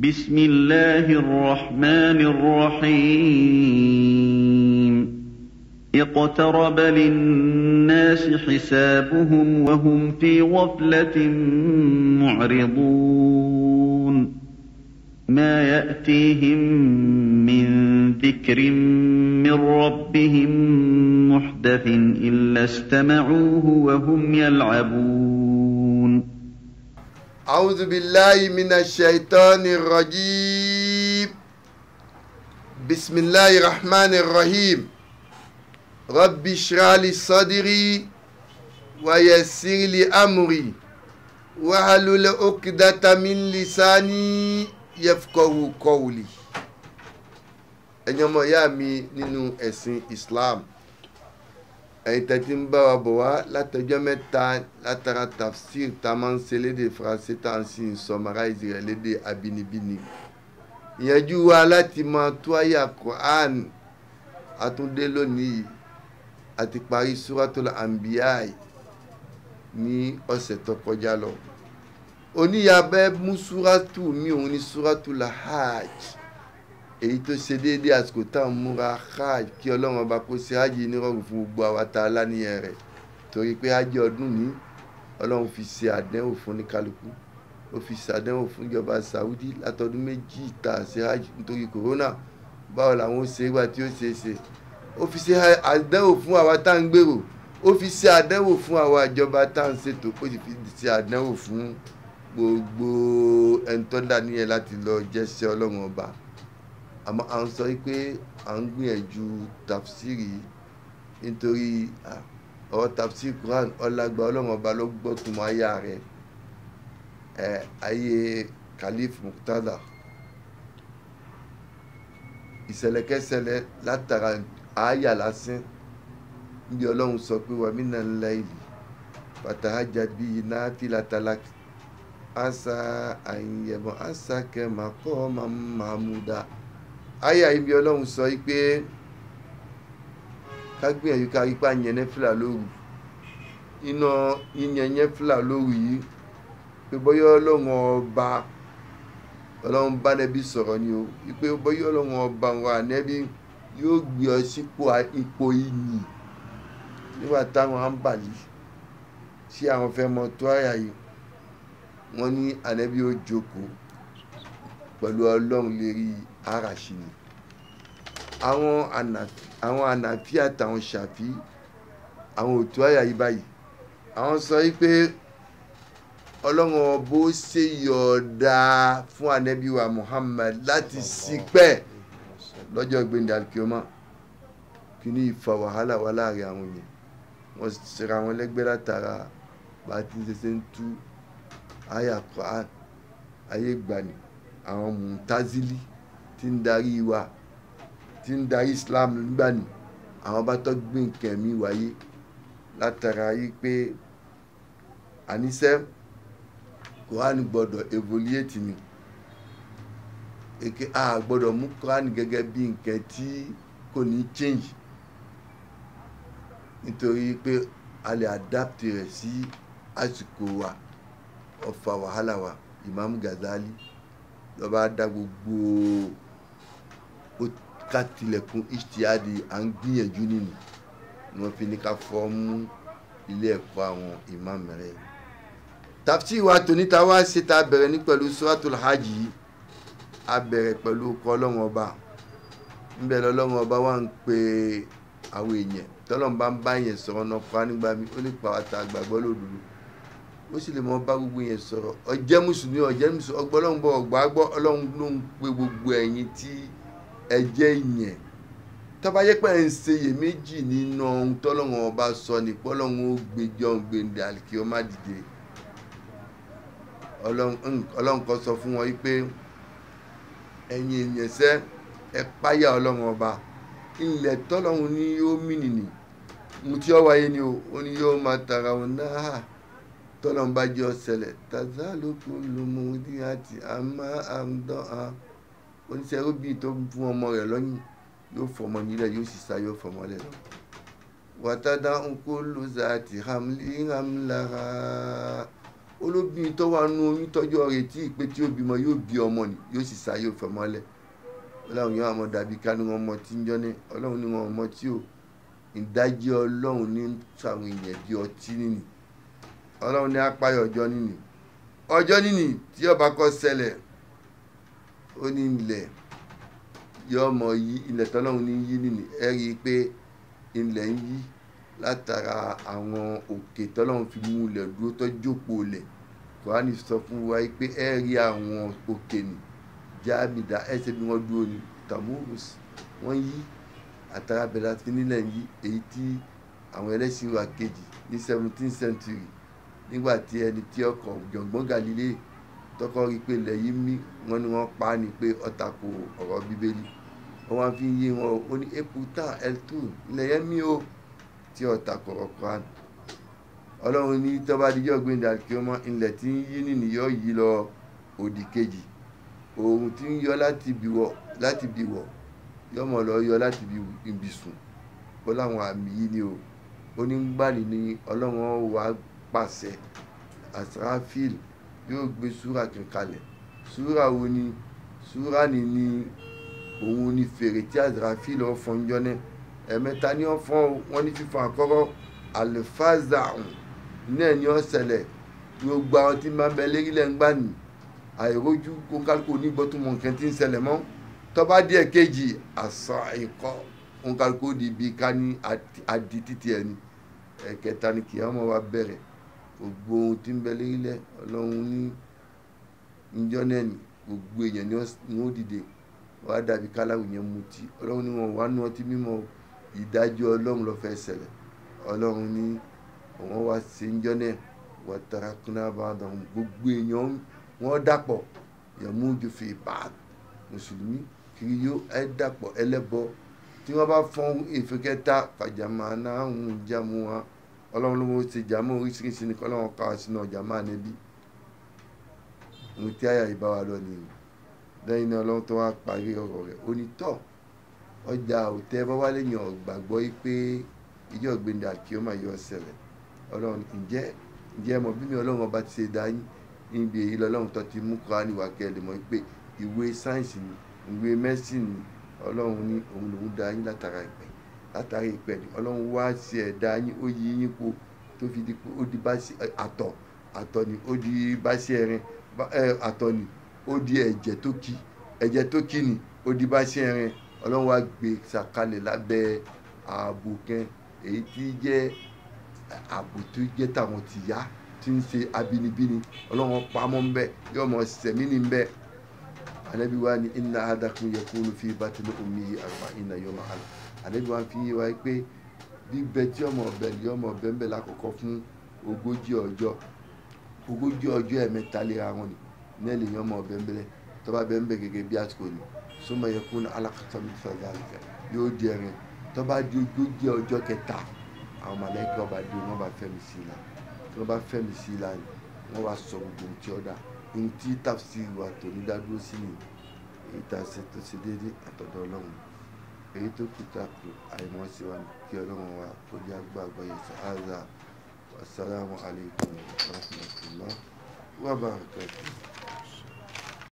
بسم الله الرحمن الرحيم اقترب للناس حسابهم وهم في غفلة معرضون ما يأتيهم من ذكر من ربهم محدث إلا استمعوه وهم يلعبون أعوذ بالله من الشيطان الرجيم بسم الله الرحمن الرحيم رب اشرح لي صدري ويسر لي أمري واحلل عقدة من لساني يفقه قولي ẹ̀yin ọmọ ìyá mi nínú ẹ̀sìn Islam ẹ̀yin tẹ́tí ń bá wa bọ̀ wá látọjọ́ mẹ́ta látara tafsir tá a máa ń ṣe léde faransé tá a sì ń summarize rẹ̀ léde abínibíni ìyànjú wa láti máa tú àyà Quran àtúndé lónìí àti parí suratul anbiyai ní ọ̀sẹ̀ tó kọjá lọ oníyàbẹ́ mú suratu mi òun ní suratul hajj èyí tó ṣe déédéé àsìkò tá à ń múra hajj kí ọlọ́run ọba kó ṣe hajj nírọ̀rùn fún gbogbo àwa tá a láníyàn rẹ̀ torí pé hajj ọdún ní ọlọ́run fi ṣe àdánwò fún ní kálukú ó fi ṣàdánwò fún ìjọba Saudi látọdún méjì tá a ṣe hajj nítorí corona báwo làwọn ó ṣe é gbà tí ó ṣe é ṣe ó fi ṣe àdánwò fún àwa tá à ń gbèrò ó fi ṣe àdánwò fún àwa ìjọba tá à ń ṣètò ó sì fi ṣe àdánwò fún gbogbo ẹni tó dá níyẹn láti lọ jẹ́ sí ọlọ́run ọba à ń sọ pé à ń gbìyànjú tafsiri nítorí ọ̀rọ̀ tafsiri Quran ọlágbá ọlọ́run ọba ló gbọ́ tó máa yá rẹ̀ ayé Khalif Muqtada ìṣẹ̀lẹ̀kẹsẹ̀lẹ̀ látara àáyà lásán níbi ọlọ́run sọ pé wàmí náà ń la ìlú fatahaja bíi náfìlà talaki asa àyìnyẹ̀mọ̀ asa kẹ́mà kọ́ ọmọ màmúdà. Ma Aya ibi ọlọ́run sọ pé ká gbìyànjú ká ipá yẹn nẹ́fìlà lóru iná yíyan nẹ́fìlà lóru yìí pé bọ́yọ́ ọlọ́run ọba ọlọ́run bá nẹ́bí sọ̀rọ̀ ni o pé bọ́yọ́ ọlọ́run ọba wa nẹ́bí yóò gbé ọ sípò ipò iyì nígbà táwọn á ń bàlí tí àwọn fẹ́ mọ tó àyà yìí wọ́n ní ànẹ́bí ó jókòó pẹ̀lú ọlọ́run lérí yìí arashi ni àwọn ànàfí àtàwọn ṣàfí àwọn òtún àyà yìí báyìí àwọn sọ wípé ọlọ́run ọbọ̀ ṣe yọ̀ọ̀dà fún anabiwa Muhammad láti ṣìpẹ̀ lọ́jọ́ gbẹ̀ndẹ̀ alikiyoma kí ni ìfà wàhálà wà láàrin àwọn yẹn wọ́n ṣera wọn lẹ́gbẹ́ látara bá ti ṣẹṣẹ ń tú àyà Quran ayé gbani àwọn mùtazili tí ń darí wa tí ń darí Islam nígbà ní àwọn bá tó gbé nǹkan mi wáyé látara yìí pé àníṣe Quran gbọ́dọ̀ evoluate ni èké a gbọ́dọ̀ mú Quran gẹ́gẹ́ bí nǹkan tí kò ní change nítorí pé a lè adapt rẹ̀ sí àsìkò wa ọ̀fà wàhálà wa Imam Ghazali lọ́ba dá gbogbo ká tilẹ̀kùn htr à ń gbìyànjú nínú ni wọ́n fi ní ká fọ́ọ̀mù ilé ẹ̀kọ́ àwọn ìmáàmù rẹ̀ tafsir wa tòní ta wá ṣe ta bẹ̀rẹ̀ ní pẹ̀lú suratul hajj yìí a bẹ̀rẹ̀ pẹ̀lú ọkọ̀ ọlọ́run ọba ńbẹ̀ lọ́lọ́run ọba wà ń pe àwọn èèyàn tọ́lọ́run bá ń bá yẹn sọ̀rọ̀ náà pa nígbà mi ó lè pa àtà àgbàgbọ́ lòdùdù ó sì lè mọ bá gbogbo yẹn sọ̀rọ̀ ó jẹ́ mùsùlùmí ó mùsùlùmí ọgbọ́ bọ̀ ọgbà gbọ́ ọlọ́run ló ń pe gbogbo ẹ̀yin tí ẹ̀jẹ̀ ìyẹn tọ́báyé pẹ̀ ń ṣe iyèméjì nínú ohun tọ́lọ́run ọba sọ ní pọ́lọ́run gbẹjọ́ gbẹ̀ndẹ̀ ọlọ́run sọ fún wọn pé ẹ̀yin èèyàn ẹ páyà ọba ilẹ̀ tọ́lọ́run ni yóò mìnìnì mo ti ó wáyé ni o ni yóò máa tara òun náà tọ́lọ́run bá jẹ́ ọ̀sẹ̀lẹ̀ tàzá àti oníṣẹ́rúbì tó fún ọmọ rẹ̀ lọ́yìn yóò fọmọ nílẹ̀ yóò sì sá yóò fọmọ lẹ̀ lọ. wàtádá ń kó lóza ti hamlí hamlára olóbìnrin tó wà nú oyún tọ́jú ọ̀rẹ́ tí ìpè tí ó bímọ yóò bí ọmọ ni yóò sì sá yóò fọmọ lẹ̀ ọlọ́run yóò àmọ́ dàbí ká ní wọn mọ tí ń jọ́ni ọlọ́run ní wọn mọ tí ò ìdájí ọlọ́run ní sàwọn èèyàn bí ọtí nìyí ọlọ́run ní apáyọ̀ ọjọ́ nìyí ọjọ́ nìyí tí ọba kọ́ ṣẹlẹ̀ ó ní ilẹ̀ yóò mọ yí ilẹ̀ tọ́lọ́run ní yí nìní ẹ rí i pé ilẹ̀ ń yí látara àwọn òkè tọ́lọ́run fi mú ilẹ̀ dúró tó jókòó lẹ̀ kòránì sọ fún wa pé ẹ rí àwọn òkè nì jáàmìdá ẹ ṣe bí wọ́n dúró ní tamus wọ́n yí àtàrà bẹ̀rẹ̀ àti nílẹ̀ ń yí èyí tí àwọn ẹlẹ́sìn wa kejì ní seventeen century nígbà tí ẹni tí ọkọ̀ jọ̀gbọ́n Galilei tọkọ rí i pé ilẹ̀ yìí mí wọ́n ní wọ́n pa á ni pé ọ̀tàkù ọ̀rọ̀ bíbélì wọ́n wá fi ń yé wọn ó ní eputa eltu ilẹ̀ yẹn mí o tí ọ̀tàkù ọ̀rọ̀ Quran ọlọ́run ní tó bá dijọ́ gbẹ̀ndà kí ọmọ ilẹ̀ tí ń yí nìyọ́ yìí lọ òdì kejì oòrùn tí ń yọ láti bìwọ̀ láti yọmọ lọ yọ láti ibìsùn ó láwọn àmì yìí ni o onígbàlì ni ọlọ́run wàá pàṣẹ asrafil yóò gbé súrà kan kalẹ̀ súrà wo ni súrà ni ni òun ni fèrè tí àzàràfí lọ fọn jọ ẹ̀mẹ́ta ni wọ́n fọ́n wọn ní fífọ́n àkọ́kọ́ àlùfáàzà ọ̀hún náà ni wọ́n ṣẹlẹ̀ gbogbo àwọn tí máa ń bẹ lérílẹ̀ ń gbà nì àìrójú kó kálukú onígbọ́túmọ̀ nǹkan tí ń ṣẹlẹ̀ mọ́ tọ́ba díẹ̀ kejì àṣà ìkọ́ kó di ibi ká ní adi títí ẹni ẹ̀kẹta ni kìí ọmọ wa bẹ̀rẹ̀ gbogbo ohun tí ń bẹ lérílẹ̀ ọlọ́run ní níjọ́ náà ni gbogbo èèyàn ni wọ́n dìde wàá dàbí káláwù yẹn mutí ọlọ́run ní wọn wà nù ọtí mímọ́ ìdájọ́ ọlọ́run ló fẹ́ ṣẹlẹ̀ ọlọ́run ní àwọn wá ṣe níjọ́ náà wọ́n tara kúnlá bá gbogbo èèyàn wọ́n dàpọ̀ yẹ̀mú ju fi bàá mùsùlùmí kiri yóò ẹ dàpọ̀ ẹlẹ́bọ tí wọ́n bá fọ́n ìfẹ́kẹ́ta fàjàmánà ń jamu wa ọlọ́run ló ń ṣe jàmọ́ oríṣiríṣi ní kọ́lọ́run ká sínú ọjà máa níbí ohun tí àyà ìbá wa lọ nìyí lẹ́yìn náà ọlọ́run tó wá parí ọ̀rọ̀ rẹ̀ onítọ̀ ọjà òtẹ́ bọ́wá lèèyàn gbàgbọ́ yí pé ìjọ gbẹ̀ndà kí ó máa yọ ṣẹlẹ̀ ọlọ́run ǹjẹ́ ǹjẹ́ mọ̀ bí mi ọlọ́run ọba ti ṣe dá yín níbi èyí lọ́lọ́run tó ti mú kọ́ra níwà kẹlẹ̀ mọ́ pé ìwé sáyẹ́ǹsì ni ìwé mẹ́sìn ni ọlọ́run ní òun lòún dá yín látara ìpẹ́ látàrí ìpẹ̀lẹ̀ ọlọ́run wá sí ẹ̀dá yín ó yí yín po tó fi di pé ó di bá àtọ̀ àtọ̀ ni ó di bá sí àtọ̀ ni ó di ẹ̀jẹ̀ tó ki ẹ̀jẹ̀ tó ki ni ó di bá sí ọlọ́run wá gbé sàkalẹ̀ lábẹ́ ààbò kan èyí tí jẹ́ ààbò tó jẹ́ tàwọn ti yá tí ń ṣe abínibíni ọlọ́run pamọ́ ń bẹ̀ yóò mọ̀ sẹ̀mí ni ń bẹ̀ anabi wa ni inna adakum yakunu fi batini ummihi arba'ina yawma àlejò wa fi wá pé bíbẹ tí ọmọ ọbẹ ní ọmọ ọbẹ ń bẹ lákọ̀ọ́kọ́ fún ogójì ọjọ́ ogójì ọjọ́ ẹ̀mẹ́ta léra wọn ni nẹ́ẹ̀lì yẹn ọmọ ọbẹ ń bẹ̀rẹ̀ tọ́ba bẹ ń bẹ gẹ́gẹ́ bí àsìkò ni súnmọ́ yẹn kún alákàtà mi fẹ́ gàlùkà yóò di ẹ̀rín tọ́ba di ogójì ọjọ́ kẹta àwọn mọ̀lẹ́kẹ́ ọba di wọn bá fẹ́ mi sí la tí wọ́n bá fẹ́ mi sí la wọ́n wá sọ gbogbo ohun tí ó tàbí sí ìwà tòní dádúró sí ni ìtàsí tó ṣe déédéé àtọ̀dọ̀ ọlọ́run èyí tó kù takù àìmọ̀ sí wa kí ọlọ́run wa kó jẹ́ àgbààgbà yẹn sí àzà wasalaamu alaykum wa rahmatulah wa barakatuh.